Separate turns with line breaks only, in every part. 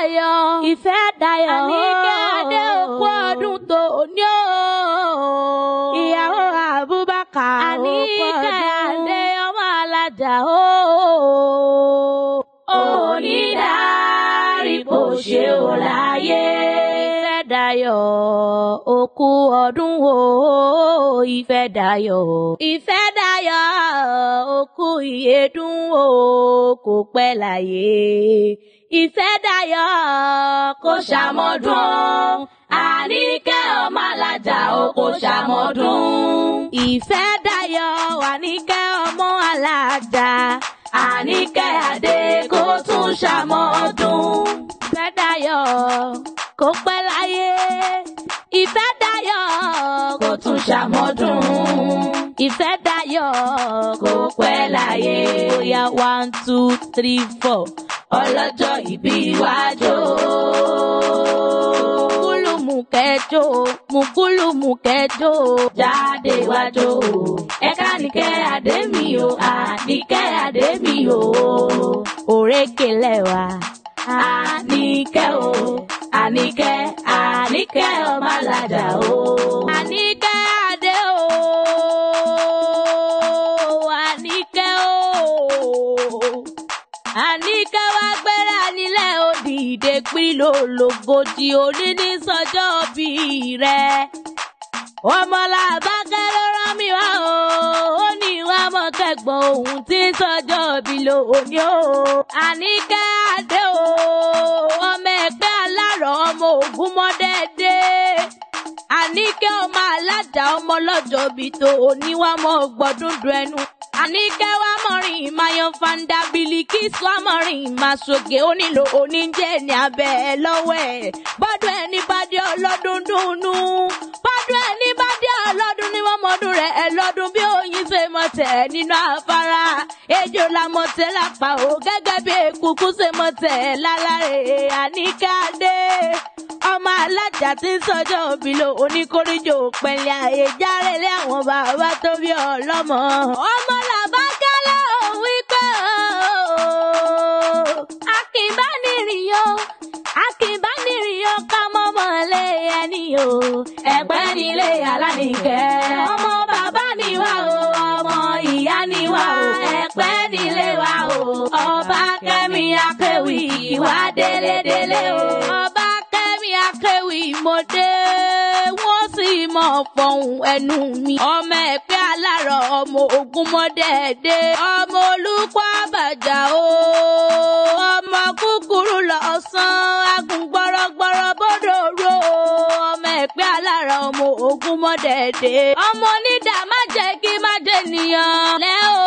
dayọ̀. Ìfẹ́ dayọ̀. Àníkẹ́ Adé òkú ọdún tó ní o. Ìyàwó Abubakar òkú ọdún. Àníkẹ́ Adé ọmọ alájà o. Onídàárí kò ṣe ò láyé. Ìfẹ́ dayọ̀ òkú ọdún o. Ìfẹ́ dayọ̀. Ìfẹ́ dayọ̀ òkú ìyẹ́dùn o. Kò pẹ́ láyé ìfẹ́ dayọ̀ kò ṣàmọ́dún àníkẹ́ ọmọ alájà o kò ṣàmọ́dún. ìfẹ́ dayọ̀ àníkẹ́ ọmọ alájà àníkẹ́ adé kò tún ṣàmọ́dún. ìfẹ́ dayọ̀ kò pẹ́ láyé ìfẹ́ dayọ̀ kò tún ṣàmọ́dún. ìfẹ́ dayọ̀ kò pẹ́ láyé. bóyá one two three four ọlọ́jọ́ ìbí wájú. Mùgúlùmù mukulu mùgúlùmù kẹjọ. Jáde wájú. Ẹ̀ka nìkẹ́ àdé mi o, àníkẹ́ àdé mi o. Òrékè lẹ́wà. Àníkẹ́ o, àníkẹ́, àníkẹ́ ọmọ alájà o. àgòdì òní ní sọjọ́ òbí rẹ̀. ọmọlàbá kẹ́ló rán mi wá o ó ní wá mọ́ kẹ́gbọ́n òun tí sọjọ́ òbí lò ní o. àníkẹ́ adé o ọmọ ẹgbẹ́ alárọ̀ ọmọ ògún mọ́dẹ́dẹ́. àníkẹ́ ọmọ alájà ọmọ lọ́jọ́ bí tó oníwàmọ̀ gbọ́dúndún ẹnu. àníkẹ́ wá. Mayo Fanda Bilikisu Amọ̀rin Masoge onílò oníjẹ́ ní abẹ́ lọ́wọ́ ẹ̀. Bọ́dún ẹni bá dé ọlọ́dún dùnú. Bọ́dún ẹni bá dé ọlọ́dún ní mọ́mọ́dún rẹ̀ ẹ̀ lọ́dún bí oyin ṣe mọ̀tẹ̀ nínú afárá. Ejò la mọ̀tẹ̀ lápá o gẹ́gẹ́ bí èkùkù ṣe mọ̀tẹ̀ lálárè àníkàdé ọmọ alájà tí ń sọjọ́ òbí lo oníkórìjò pẹ̀lẹ́ àyè járẹ̀lẹ́ àwọn bàbá tó bí ọlọ́mọ ọmọlá. nìyó akínbánirìyó ká mọ́mọ́ lé ẹni o ẹ̀pẹ́ nílé alánìkẹ́ ọmọ bàbá ni wá o ọmọ ìyá ni wá o ni nílé wa o ọba kẹ́mi akéwì ìwà délédélé o ọba kẹ́mi akéwì ìmọ̀dé wọ́n sì mọ̀ pọ̀hùn ẹnu mi ọmọ ẹ̀pẹ́ alárọ̀ ọmọ ogun mọ́dẹ́ẹ̀dẹ́ ọmọ olùkọ́ àbàjá o lọ ọ̀sán agùn gbọ́rọ́gbọ́rọ́ bódò ro ọmọ ẹ̀pẹ́ alára ọmọ ogun mọ́dẹ̀ẹ̀dẹ̀. ọmọ onídà má jẹ́ kí má jẹ́ nìyàn lẹ́ o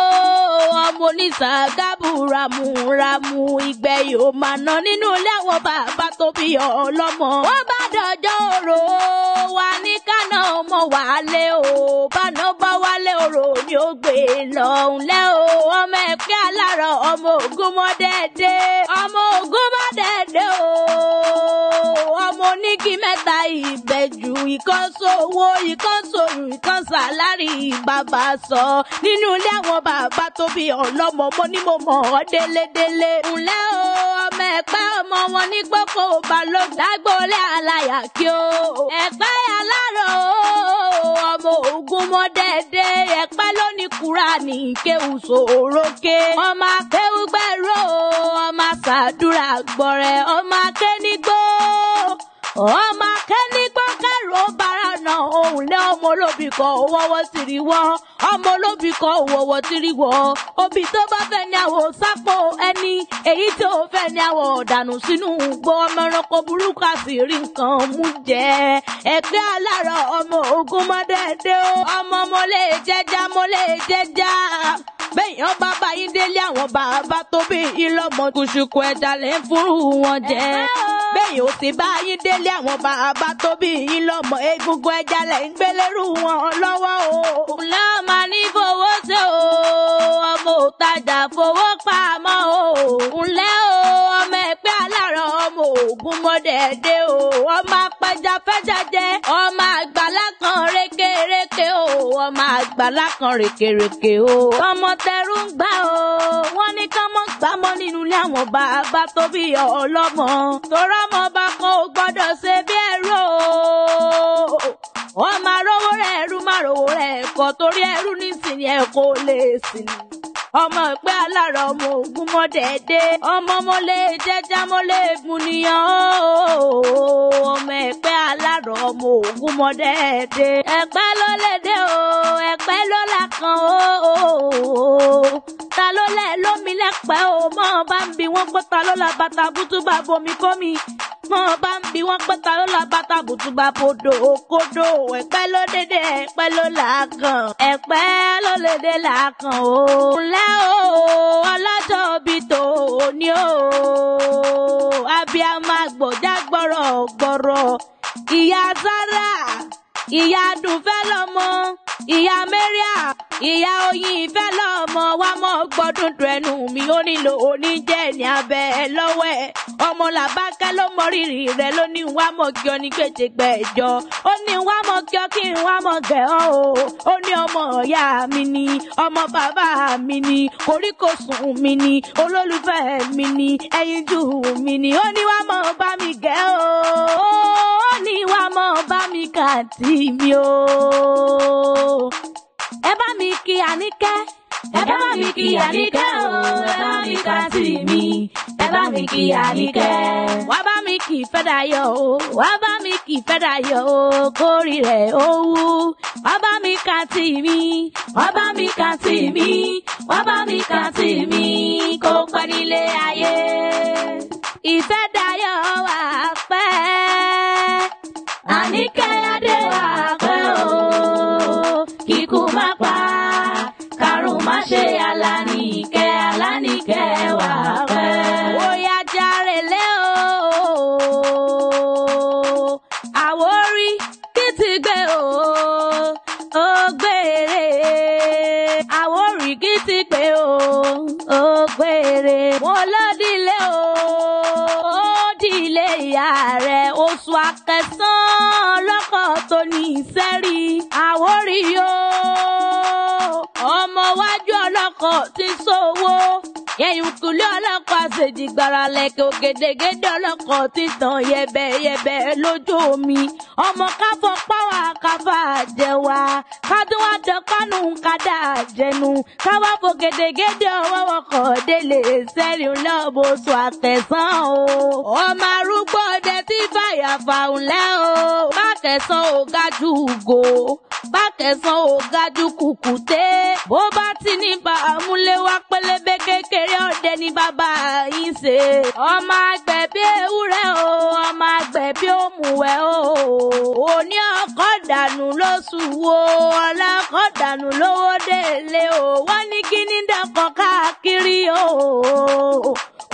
ọmọ onísàgábù ramúramù ìgbẹ́ yóò máa ná nínú ilé àwọn bàbá tó bí ọlọ́mọ. wọ́n bá dọ̀jọ́ òrò wa ní kánà ọmọ wàálé o báná bá wálé òrò ni ó gbé lọ ńlẹ́ o ọmọ ẹ̀pẹ́ alára ọmọ ogun mọ́dẹ̀ẹ̀dẹ̀ ọmọ ogun mọ́ dẹ́dẹ́ o ọmọ onígi mẹ́ta ìbẹ̀jù ìkànsówó ìkànsòrò ìkànsálárì bàbá sọ nínú ilé àwọn bàbá tó bí ọlọ́mọ mo ní mo mọ̀ ọ́ délédélé. ǹlẹ́ o ọmọ ẹ̀pẹ́ ọmọ wọn ní gbọ́kọ̀ ọba ló dágbólé aláyà kí o. ẹ̀pẹ́ alárò ọmọ ogun mọ́ dẹ́dẹ́ ẹ̀pẹ́ ló ní kúránì kéwù sòrókè. ọmọ akéwù gbẹ̀rọ ọmọ sàdúrà gbọ́ bọ̀rẹ̀ ọmọ akẹ́nigbó ọmọ akẹ́nigbó kẹ́rù ó bára na òun lé ọmọ olóbì kan owó ọwọ́ sì rí wọ́ ọmọ olóbì kan owó ọwọ́ sì rí wọ́ òbí tó bá fẹ́ ní àwọ̀ sápò ẹni èyí tó fẹ́ ní àwọ̀ dànù sínú gbọ́ ọmọ ẹranko burúkú àti rí nǹkan mú jẹ ẹgbẹ́ alárọ̀ ọmọ ogun mọ́dẹ́ẹ́dẹ́ ọmọ mo lè jẹja mo lè jẹja bẹ́yàn bàbá yín délé àwọn bàbá tó bí yín lọ́mọ kùsùkù ẹ̀dá lẹ́ ń fúrú wọn jẹ. bẹ́yìn ò sì bá yín délé àwọn bàbá tó bí yín lọ́mọ egungun ẹja lẹ́ ń gbélérú wọn lọ́wọ́ o. lọ́mọ ní fowó ṣe o ọmọ òtajà fowó pamọ́ o. ǹlẹ́ o ọmọ ẹgbẹ́ alárọ̀ ọmọ ògùn o ọmọ apẹjafẹ́já jẹ ọmọ àgbẹ̀ máa gbà lákan rèkèrèkè o. ọmọ tẹrú ń gbà o. wọ́n ní ká mọ́ gbámọ́ nínú ilé àwọn bàbá tó bí ọlọ́mọ. tọ́rọ ọmọ bá kan ò gbọ́dọ̀ ṣe bí ẹrú o. wọ́n máa rówó rẹ̀ ẹrú máa rówó rẹ̀ ẹ̀kọ́ torí ẹrú nísìnyẹn kò lè sìn ọmọ ìpẹ́ alára ọmọ ogun mọ́ dẹ́dẹ́ ọmọ mo lè jẹ́já mo lè gun nìyàn ọmọ ìpẹ́ alára ọmọ ogun mọ́ dẹ́dẹ́ ẹ̀pẹ́ ló lè dé o ẹ̀pẹ́ ló là kan o ta ló lẹ̀ lómi lẹ́pẹ́ o mọ́ bá ń bi wọ́n pé ta ló la bàtà bútú bá bomi kómi fún ọba ń bi wọ́n pé ta ló la bàtà bùtùgbà bodò òkodò ẹ̀pẹ́ ló dédé ẹ̀pẹ́ ló làákàn ẹ̀pẹ́ ló lédè làákàn o. ǹlẹ́ o ọlọ́jọ́ òbí tó o ní o abiyamọ gbọ̀dá gbọ̀rọ̀ gbọ̀rọ̀ ìyá Zara ìyá dùnfẹ́ lọ́mọ ìyá Mariam ìyá oyin ìfẹ́ lọ́mọ wa mọ́ gbọ́dún dùnú mi ó nílò oníjẹ́ ní abẹ́ ẹ lọ́wọ́ ẹ ọmọ làbákẹ́ ló mọ rírì rẹ ló ní wá mọ̀ kí ọ ní gbèjègbè ẹ̀jọ́ ó ní wá mọ̀ kí ọ kí n wa mọ̀ gẹ̀ ọ́ o ó ní ọmọ ọ̀yá mi ni ọmọ bàbá mi ni koríkòsùn mi ni olólùfẹ́ mi ni ẹyinjú mi ni ó ní wá mọ̀ bá mi gẹ̀ ọ́ ó ní wá mọ̀ bá mi kà tí mi o ẹ bá mi kí àníkẹ́ ẹ bá mi kí àníkẹ́ o ẹ bá mi kí àǹtí mi ẹ bá mi kí àníkẹ́. wá bá mi kí fẹ́dàyọ̀ o wá bá mi kí fẹ́dàyọ̀ o kórì rẹ̀ ó wá bá mi kí àǹtí mi wá bá mi kí àǹtí mi wá bá mi kí àǹtí mi kó pẹ́ nílé ayé. ìfẹ́dàyọ̀ wà pẹ́. gbére àwọn òrìkì ti pé o ó gbére mo lọ́dílé o ó dìlé ìyá rẹ̀ oṣù akẹsàn-án lọ́kọ̀ tó ní ìsẹ́rí àwórí o ọmọ wájú ọlọ́kọ̀ ti sówó yẹ̀yìnkùlé ọlọ́kọ̀ àṣejì gbàràlẹ̀kẹ̀ ògèdègèdè ọlọ́kọ̀ títàn yẹ̀bẹ̀yẹ̀bẹ̀ lójú omi ọmọ káfọ́ páwà káfà jẹwa kádùnwá jọkánù kádà jẹnu káwá fògèdègèdè ọwọ́ wọkọ̀ délé sẹ́rìn lọ́bọ̀ọ́sọ àtẹ̀sán o ọmọ arúgbó ọdẹ tí fàyà fàùnlẹ́ o má tẹ̀sán ò ga jù go bàbá kẹsàn ó gájú kùkùté bó bá ti ní bàmúléwá pélébé kékeré ọdẹ ní bàbá yín ṣe ọmọ àgbẹ̀ bí ewúrẹ́ o ọmọ àgbẹ̀ bí òmùwẹ̀ o òní ọkọ̀ dànù lóṣù wo ọ̀la ọkọ̀ dànù lówó délé o wọ́n ní kíní dẹ́kọ̀ káàkiri o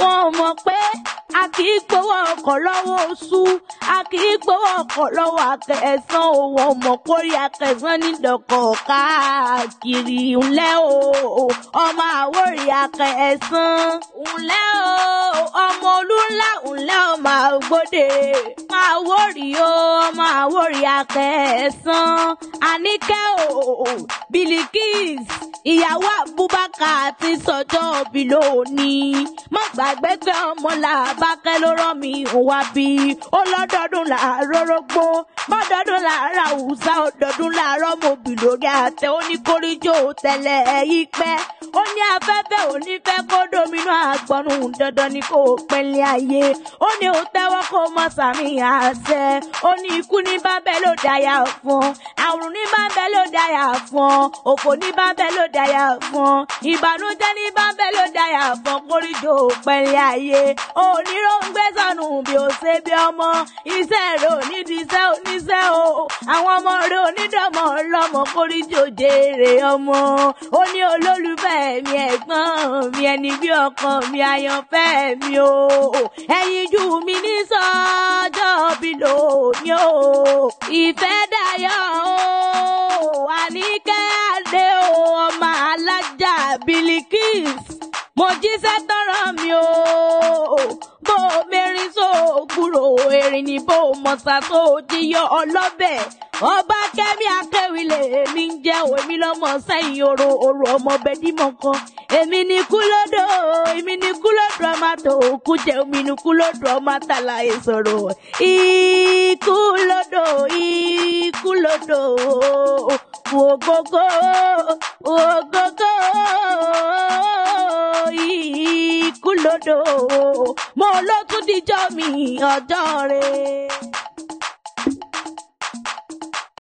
wọn mọ̀ pé a kì í gbowó ọkọ̀ lọ́wọ́ oṣù a kì í gbowó ọkọ̀ lọ́wọ́ akẹ̀sán òun ọmọ kórè akẹ̀sán káàkiri ńlẹ́ o ọmọ àwòrì akẹ̀sán ńlẹ́ o ọmọ olúńlá ńlẹ́ o máa gbóde máa o máa wòrì akẹ̀sán àníkẹ́ o Bilikis ìyàwó Abubakar ti sọjọ́ òbí lónìí má gbàgbé pé ọmọ làbákẹ́ ló rán mi wá bí ó lọ́dọọdún làárọ̀ rógbó mọ́dọọdún làárọ̀ àwùsá ọdọọdún làárọ̀ mọ̀bì lórí àtẹ oníkóríjó tẹ̀lẹ̀ ẹ̀yí pẹ́ ó ní afẹ́fẹ́ ò kó domino àgbọ̀nù dandan ni kò pẹ́lẹ́ ayé ó ní ó tẹ́wọ́ kó mọ sàmì àṣẹ ó ní ikú ní bábẹ́ ló dáyà fún àrùn ní bábẹ́ ló dáyà fún òfò ní bábẹ́ ló dáyà fún ìbànújẹ́ ní bábẹ́ ló dáyà fún kórìjọ pẹ́lẹ́ ayé ó ní ló ń bí ó ṣe bí ọmọ iṣẹ́ rẹ̀ ò ní di iṣẹ́ oníṣẹ́ o àwọn ọmọ rẹ̀ onídọ̀mọ̀ ọlọ́mọ kórìjọ jèrè ọmọ ó ní olólùfẹ́ mi ẹ̀gbọ́n mi ẹni bí ọkàn mi àyànfẹ́ mi o ẹ̀yin jù mí ní sọ́jọ́ bí lónìí o ìfẹ́ dayọ̀ o àníkẹ́ adé o ọmọ alájà Bilikisu mo jíṣẹ́ erin ni bó mọ̀sá tó jíyọ ọlọ́bẹ̀ ọba kẹ́mi akéwìlẹ èmi ń jẹ èmi lọ́mọ sẹ́yìn oro oro ọmọ bẹdímọ kan èmi ní kúlódò èmi ní kúlódò ọmọ tó kú jẹ èmi ní kúlódò ọmọ tàlà ìṣòro ìkúlódò ìkúlódò. Ògógó ògógó ikú lódò mo ló tún díjọ́ mi ọjọ́ rẹ̀.